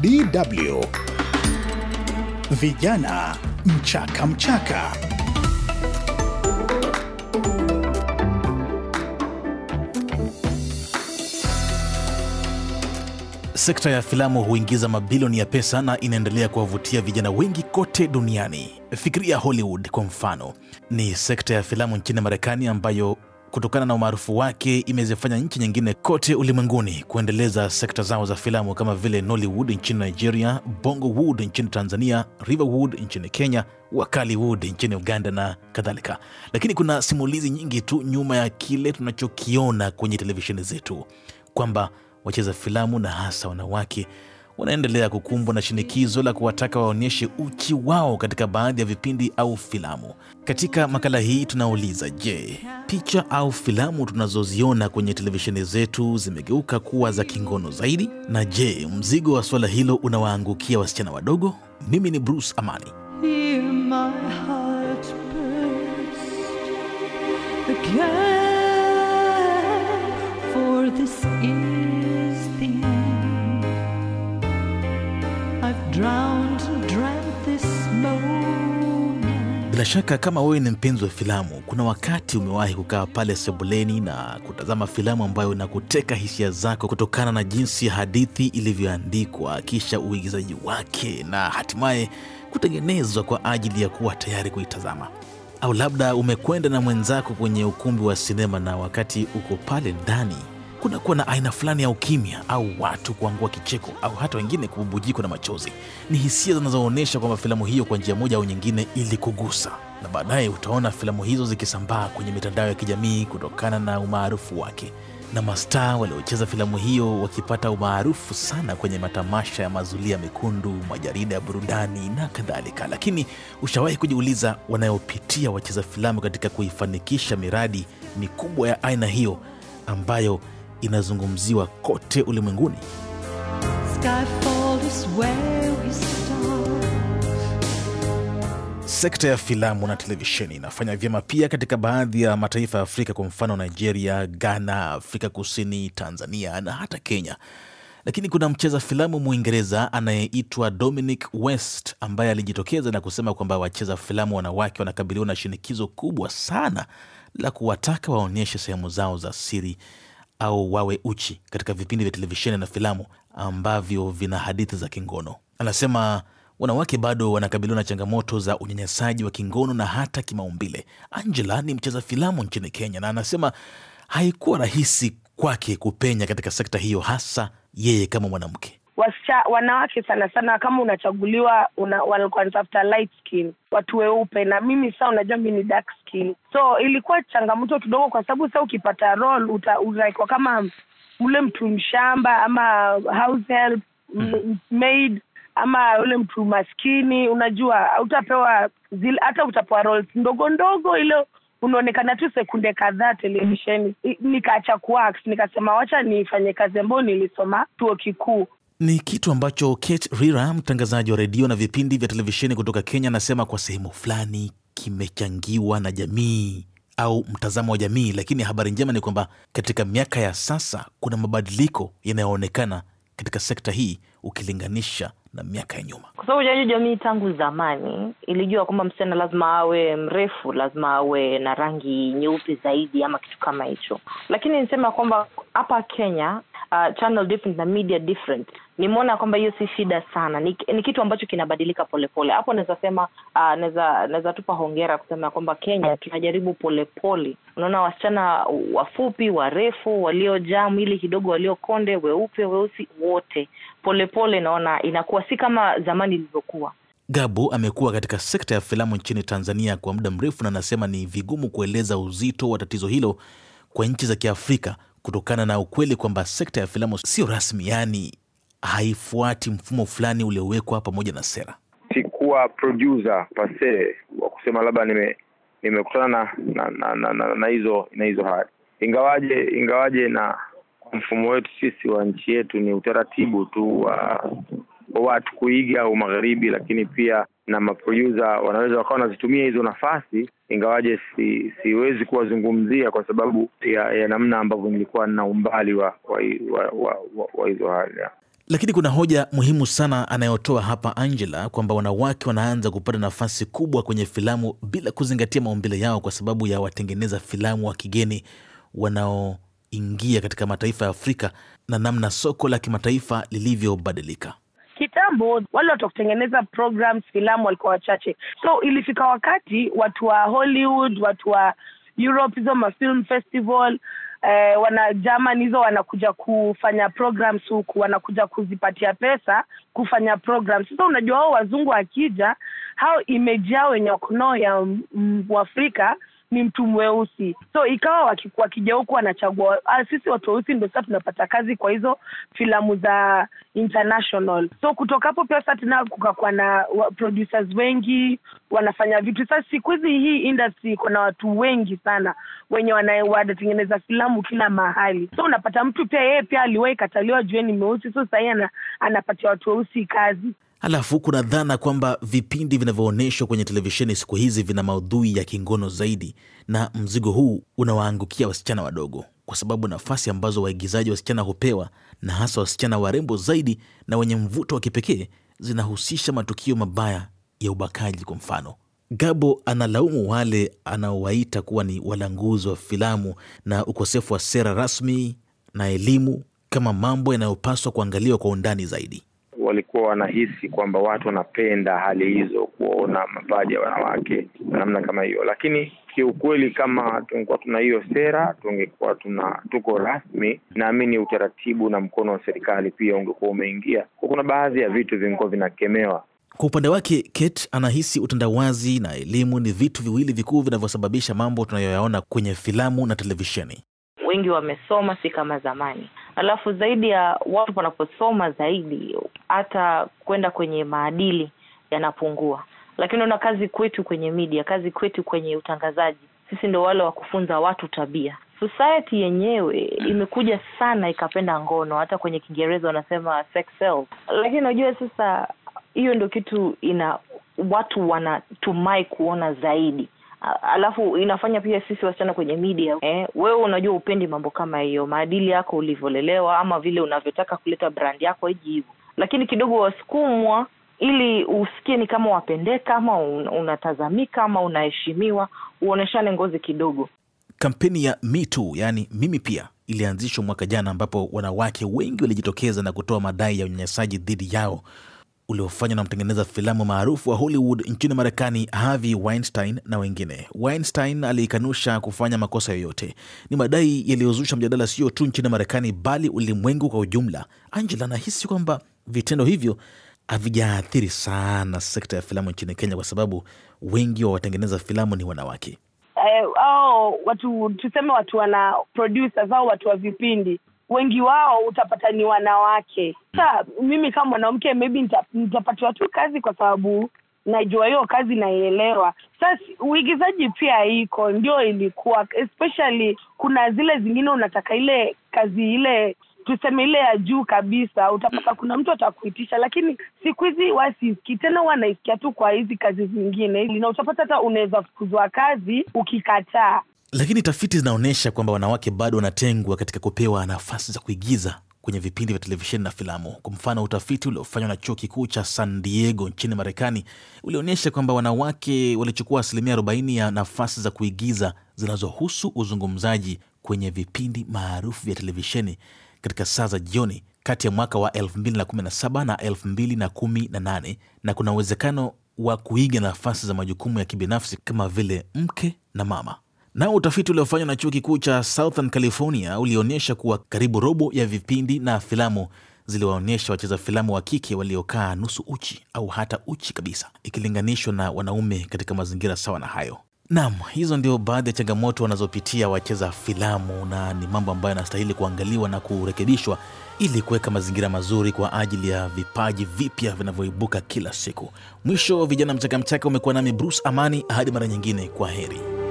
DW Vijana Mchaka Mchaka. Sekta ya filamu huingiza mabilioni ya pesa na inaendelea kuwavutia vijana wengi kote duniani. Fikiria Hollywood kwa mfano. Ni sekta ya filamu nchini Marekani ambayo kutokana na umaarufu wake imezifanya nchi nyingine kote ulimwenguni kuendeleza sekta zao za filamu kama vile Nollywood nchini Nigeria, Bongowood nchini Tanzania, Riverwood nchini Kenya, Wakaliwood nchini Uganda na kadhalika. Lakini kuna simulizi nyingi tu nyuma ya kile tunachokiona kwenye televisheni zetu kwamba wacheza filamu na hasa wanawake wanaendelea kukumbwa na shinikizo la kuwataka waonyeshe uchi wao katika baadhi ya vipindi au filamu. Katika makala hii tunauliza, je, picha au filamu tunazoziona kwenye televisheni zetu zimegeuka kuwa za kingono zaidi? Na je, mzigo wa suala hilo unawaangukia wasichana wadogo? Mimi ni Bruce Amani. shaka kama wewe ni mpenzi wa filamu, kuna wakati umewahi kukaa pale sebuleni na kutazama filamu ambayo inakuteka hisia zako kutokana na jinsi ya hadithi ilivyoandikwa, kisha uigizaji wake, na hatimaye kutengenezwa kwa ajili ya kuwa tayari kuitazama. Au labda umekwenda na mwenzako kwenye ukumbi wa sinema, na wakati uko pale ndani kunakuwa na aina fulani ya ukimya au watu kuangua kicheko au hata wengine kububujikwa na machozi. Ni hisia zinazoonyesha kwamba filamu hiyo kwa njia moja au nyingine ilikugusa, na baadaye utaona filamu hizo zikisambaa kwenye mitandao ya kijamii kutokana na umaarufu wake na mastaa waliocheza filamu hiyo wakipata umaarufu sana kwenye matamasha ya mazulia mekundu, majarida ya burudani na kadhalika. Lakini ushawahi kujiuliza wanayopitia wacheza filamu katika kuifanikisha miradi mikubwa ya aina hiyo ambayo inazungumziwa kote ulimwenguni. Sekta ya filamu na televisheni inafanya vyema pia katika baadhi ya mataifa ya Afrika, kwa mfano Nigeria, Ghana, Afrika Kusini, Tanzania na hata Kenya. Lakini kuna mcheza filamu Mwingereza anayeitwa Dominic West ambaye alijitokeza na kusema kwamba wacheza filamu wanawake wanakabiliwa na shinikizo kubwa sana la kuwataka waonyeshe sehemu zao za siri au wawe uchi katika vipindi vya televisheni na filamu ambavyo vina hadithi za kingono. Anasema wanawake bado wanakabiliwa na changamoto za unyanyasaji wa kingono na hata kimaumbile. Angela ni mcheza filamu nchini Kenya na anasema haikuwa rahisi kwake kupenya katika sekta hiyo, hasa yeye kama mwanamke wasicha, wanawake sana sana, kama unachaguliwa una, walikuwa light skin, watu weupe, na mimi saa, unajua mi ni dark skin, so ilikuwa changamoto kidogo, kwa sababu saa ukipata role utaekwa kama ule mtu mshamba ama house help mm. maid ama ule mtu maskini, unajua utapewa zile, hata utapewa roles ndogo ndogo, ile unaonekana tu sekunde kadhaa televisheni. Nikaacha kuact, nikasema wacha nifanye kazi ambayo nilisoma tuo kikuu, ni kitu ambacho Kate Rira, mtangazaji wa redio na vipindi vya televisheni kutoka Kenya, anasema kwa sehemu fulani kimechangiwa na jamii au mtazamo wa jamii, lakini habari njema ni kwamba katika miaka ya sasa kuna mabadiliko yanayoonekana katika sekta hii ukilinganisha na miaka ya nyuma, kwa sababu jaji jamii tangu zamani ilijua kwamba msichana lazima awe mrefu, lazima awe na rangi nyeupe zaidi ama kitu kama hicho. Lakini nisema kwamba hapa Kenya uh, channel different na media different, nimeona kwamba hiyo si shida sana, ni, ni kitu ambacho kinabadilika polepole hapo pole. nawezasema uh, naweza tupa hongera kusema kwamba Kenya tunajaribu polepole. Unaona, wasichana wafupi, warefu, waliojaa mwili kidogo, waliokonde, weupe, weusi, wote polepole, naona inakuwa si kama zamani ilivyokuwa. Gabo amekuwa katika sekta ya filamu nchini Tanzania kwa muda mrefu na anasema ni vigumu kueleza uzito wa tatizo hilo kwa nchi za Kiafrika kutokana na ukweli kwamba sekta ya filamu sio rasmi, yani haifuati mfumo fulani uliowekwa pamoja na sera. Sikuwa producer pase wa kusema labda nime nimekutana na na, na, na, na, na hizo na hizo hali, ingawaje ingawaje na mfumo wetu sisi wa nchi yetu ni utaratibu tu wa watu kuiga au magharibi, lakini pia na maprodusa wanaweza wakawa wanazitumia hizo nafasi, ingawaje si, siwezi kuwazungumzia kwa sababu ya, ya namna ambavyo nilikuwa na umbali wa, wa, wa, wa, wa, wa hizo hali. Lakini kuna hoja muhimu sana anayotoa hapa Angela kwamba wanawake wanaanza kupata nafasi kubwa kwenye filamu bila kuzingatia maumbile yao kwa sababu ya watengeneza filamu wa kigeni wanaoingia katika mataifa ya Afrika na namna soko la kimataifa lilivyobadilika. Kitambo wale watu wa kutengeneza programs filamu walikuwa wachache, so ilifika wakati watu wa Hollywood, watu wa Europe, hizo mafilm festival eh, wana German hizo wanakuja kufanya programs huku, wanakuja kuzipatia pesa kufanya programs. Sasa unajua wao wazungu wakija hao image yao wenye wakunao ya Mwafrika mm, ni mtu mweusi, so ikawa wakija huku wanachagua ah, sisi watu weusi, ndo sasa tunapata kazi kwa hizo filamu za international. So kutoka hapo pia sasa tena kukakuwa na producers wengi wanafanya vitu. Sasa siku hizi hii industry iko na watu wengi sana wenye wanatengeneza filamu kila mahali, so unapata mtu pia yeye pia aliwahi kataliwa, jueni, ni mweusi, so sahii anapatia watu weusi kazi. Alafu kuna dhana kwamba vipindi vinavyoonyeshwa kwenye televisheni siku hizi vina maudhui ya kingono zaidi, na mzigo huu unawaangukia wasichana wadogo, kwa sababu nafasi ambazo waigizaji wasichana hupewa, na hasa wasichana warembo zaidi na wenye mvuto wa kipekee, zinahusisha matukio mabaya ya ubakaji. Kwa mfano, Gabo analaumu wale anaowaita kuwa ni walanguzi wa filamu na ukosefu wa sera rasmi na elimu kama mambo yanayopaswa kuangaliwa kwa undani zaidi walikuwa wanahisi kwamba watu wanapenda hali hizo, kuona mapaji ya wanawake na namna kama hiyo, lakini kiukweli kama tungekuwa tuna hiyo sera, tungekuwa tuna tuko rasmi, naamini utaratibu na mkono wa serikali pia ungekuwa umeingia. Kuna baadhi ya vitu vingekuwa vinakemewa. Kwa upande wake Kate anahisi utandawazi na elimu ni vitu viwili vikuu vinavyosababisha mambo tunayoyaona kwenye filamu na televisheni. Wengi wamesoma, si kama zamani alafu zaidi ya watu wanaposoma zaidi hata kwenda kwenye maadili yanapungua lakini ona kazi kwetu kwenye media kazi kwetu kwenye utangazaji sisi ndo wale wa kufunza watu tabia society yenyewe hmm. imekuja sana ikapenda ngono hata kwenye kiingereza wanasema sex lakini unajua sasa hiyo ndo kitu ina watu wanatumai kuona zaidi alafu inafanya pia sisi wasichana kwenye media eh, wewe unajua upendi mambo kama hiyo, maadili yako ulivyolelewa ama vile unavyotaka kuleta brand yako iji hivo lakini kidogo wasukumwa ili usikie ni kama wapendeka ama unatazamika ama unaheshimiwa, uoneshane ngozi kidogo. Kampeni ya Me yani mimi pia, ilianzishwa mwaka jana, ambapo wanawake wengi walijitokeza na kutoa madai ya unyanyasaji dhidi yao uliofanywa na mtengeneza filamu maarufu wa Hollywood nchini Marekani Harvey Weinstein na wengine. Weinstein aliikanusha kufanya makosa yoyote. Ni madai yaliyozusha mjadala sio tu nchini Marekani bali ulimwengu kwa ujumla. Angela anahisi kwamba vitendo hivyo havijaathiri sana sekta ya filamu nchini Kenya kwa sababu wengi wa watengeneza filamu ni wanawake. Eh, oh, watu tuseme, watu wana producers au watu wa vipindi wengi wao utapata ni wanawake. sa mimi kama mwanamke maybe nita, nitapatiwa tu kazi kwa sababu najua hiyo kazi naielewa. Sasa uigizaji pia iko ndio ilikuwa especially, kuna zile zingine unataka ile kazi ile tuseme ile ya juu kabisa, utapata kuna mtu atakuitisha, lakini siku hizi wasiski tena, wanaisikia tu kwa hizi kazi zingine, na utapata hata unaweza fukuzwa kazi ukikataa. Lakini tafiti zinaonyesha kwamba wanawake bado wanatengwa katika kupewa nafasi za kuigiza kwenye vipindi vya televisheni na filamu. Kwa mfano, utafiti uliofanywa na chuo kikuu cha San Diego nchini Marekani ulionyesha kwamba wanawake walichukua asilimia 40 ya nafasi za kuigiza zinazohusu uzungumzaji kwenye vipindi maarufu vya televisheni katika saa za jioni kati ya mwaka wa 217 na 218 na, na kuna uwezekano wa kuiga nafasi za majukumu ya kibinafsi kama vile mke na mama. Nao utafiti uliofanywa na chuo kikuu cha Southern California ulionyesha kuwa karibu robo ya vipindi na filamu ziliwaonyesha wacheza filamu wa kike waliokaa nusu uchi au hata uchi kabisa ikilinganishwa na wanaume katika mazingira sawa na hayo. Naam, hizo ndio baadhi ya changamoto wanazopitia wacheza filamu, na ni mambo ambayo yanastahili kuangaliwa na kurekebishwa ili kuweka mazingira mazuri kwa ajili ya vipaji vipya vinavyoibuka kila siku. Mwisho, vijana mchakamchaka, umekuwa nami Bruce Amani, hadi mara nyingine, kwa heri.